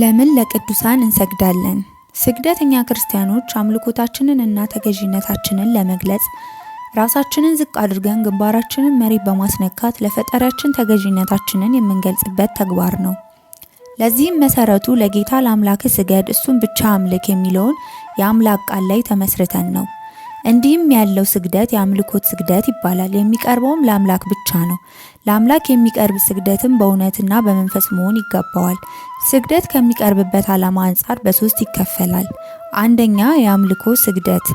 ለምን ለቅዱሳን እንሰግዳለን? ስግደት እኛ ክርስቲያኖች አምልኮታችንን እና ተገዥነታችንን ለመግለጽ ራሳችንን ዝቅ አድርገን ግንባራችንን መሬት በማስነካት ለፈጠሪያችን ተገዥነታችንን የምንገልጽበት ተግባር ነው። ለዚህም መሰረቱ ለጌታ ለአምላክ ስገድ እሱን ብቻ አምልክ የሚለውን የአምላክ ቃል ላይ ተመስርተን ነው። እንዲህም ያለው ስግደት የአምልኮት ስግደት ይባላል። የሚቀርበውም ለአምላክ ብቻ ነው። ለአምላክ የሚቀርብ ስግደትም በእውነትና በመንፈስ መሆን ይገባዋል። ስግደት ከሚቀርብበት ዓላማ አንጻር በሶስት ይከፈላል። አንደኛ የአምልኮ ስግደት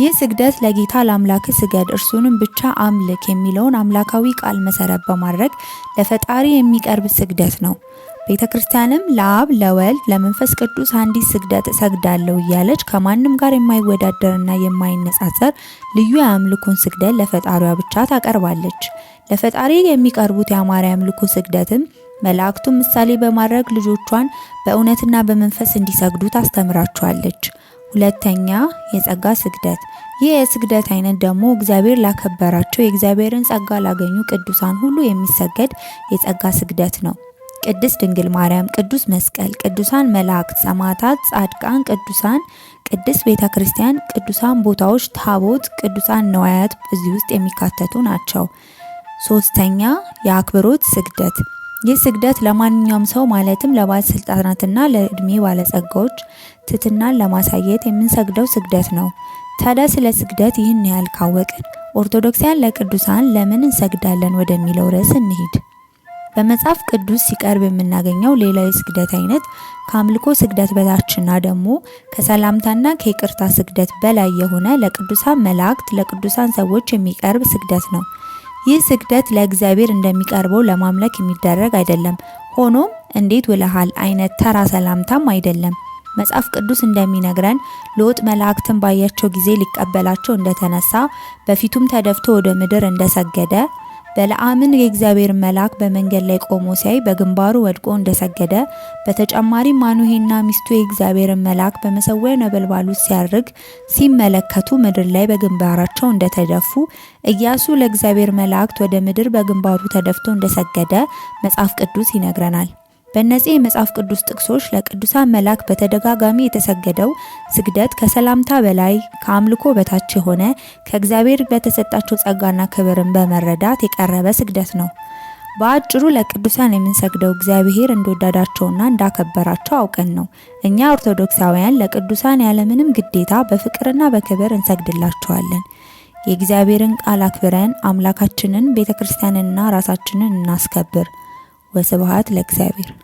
ይህ ስግደት ለጌታ ለአምላክ ስገድ እርሱንም ብቻ አምልክ የሚለውን አምላካዊ ቃል መሰረት በማድረግ ለፈጣሪ የሚቀርብ ስግደት ነው። ቤተ ክርስቲያንም ለአብ ለወልድ ለመንፈስ ቅዱስ አንዲት ስግደት እሰግዳለሁ እያለች ከማንም ጋር የማይወዳደርና የማይነጻጸር ልዩ የአምልኮን ስግደት ለፈጣሪዋ ብቻ ታቀርባለች። ለፈጣሪ የሚቀርቡት የአማራ የአምልኮ ስግደትም መላእክቱን ምሳሌ በማድረግ ልጆቿን በእውነትና በመንፈስ እንዲሰግዱ ታስተምራቸዋለች። ሁለተኛ የጸጋ ስግደት። ይህ የስግደት አይነት ደግሞ እግዚአብሔር ላከበራቸው የእግዚአብሔርን ጸጋ ላገኙ ቅዱሳን ሁሉ የሚሰገድ የጸጋ ስግደት ነው። ቅድስት ድንግል ማርያም፣ ቅዱስ መስቀል፣ ቅዱሳን መላእክት፣ ሰማዕታት፣ ጻድቃን፣ ቅዱሳን፣ ቅድስት ቤተ ክርስቲያን፣ ቅዱሳን ቦታዎች፣ ታቦት፣ ቅዱሳን ነዋያት እዚህ ውስጥ የሚካተቱ ናቸው። ሶስተኛ የአክብሮት ስግደት። ይህ ስግደት ለማንኛውም ሰው ማለትም ለባለስልጣናትና ለእድሜ ባለጸጋዎች ትትናን ለማሳየት የምንሰግደው ስግደት ነው። ታዲያ ስለ ስግደት ይህን ያህል ካወቅን ኦርቶዶክሳውያን ለቅዱሳን ለምን እንሰግዳለን ወደሚለው ርዕስ እንሂድ። በመጽሐፍ ቅዱስ ሲቀርብ የምናገኘው ሌላው የስግደት አይነት ከአምልኮ ስግደት በታችና ደግሞ ከሰላምታና ከይቅርታ ስግደት በላይ የሆነ ለቅዱሳን መላእክት፣ ለቅዱሳን ሰዎች የሚቀርብ ስግደት ነው። ይህ ስግደት ለእግዚአብሔር እንደሚቀርበው ለማምለክ የሚደረግ አይደለም። ሆኖም እንዴት ውለሃል አይነት ተራ ሰላምታም አይደለም። መጽሐፍ ቅዱስ እንደሚነግረን ሎጥ መላእክትን ባያቸው ጊዜ ሊቀበላቸው እንደተነሳ በፊቱም ተደፍቶ ወደ ምድር እንደሰገደ በለዓምን የእግዚአብሔር መልአክ በመንገድ ላይ ቆሞ ሲያይ በግንባሩ ወድቆ እንደሰገደ፣ በተጨማሪም ማኑሄና ሚስቱ የእግዚአብሔርን መልአክ በመሰዊያ ነበልባሉ ሲያርግ ሲመለከቱ ምድር ላይ በግንባራቸው እንደተደፉ፣ እያሱ ለእግዚአብሔር መላእክት ወደ ምድር በግንባሩ ተደፍቶ እንደሰገደ መጽሐፍ ቅዱስ ይነግረናል። በእነዚህ የመጽሐፍ ቅዱስ ጥቅሶች ለቅዱሳን መልአክ በተደጋጋሚ የተሰገደው ስግደት ከሰላምታ በላይ ከአምልኮ በታች የሆነ ከእግዚአብሔር በተሰጣቸው ጸጋና ክብርን በመረዳት የቀረበ ስግደት ነው። በአጭሩ ለቅዱሳን የምንሰግደው እግዚአብሔር እንደወዳዳቸውና እንዳከበራቸው አውቀን ነው። እኛ ኦርቶዶክሳውያን ለቅዱሳን ያለምንም ግዴታ በፍቅርና በክብር እንሰግድላቸዋለን። የእግዚአብሔርን ቃል አክብረን አምላካችንን ክርስቲያንንና ራሳችንን እናስከብር። وسبعات الأكسابر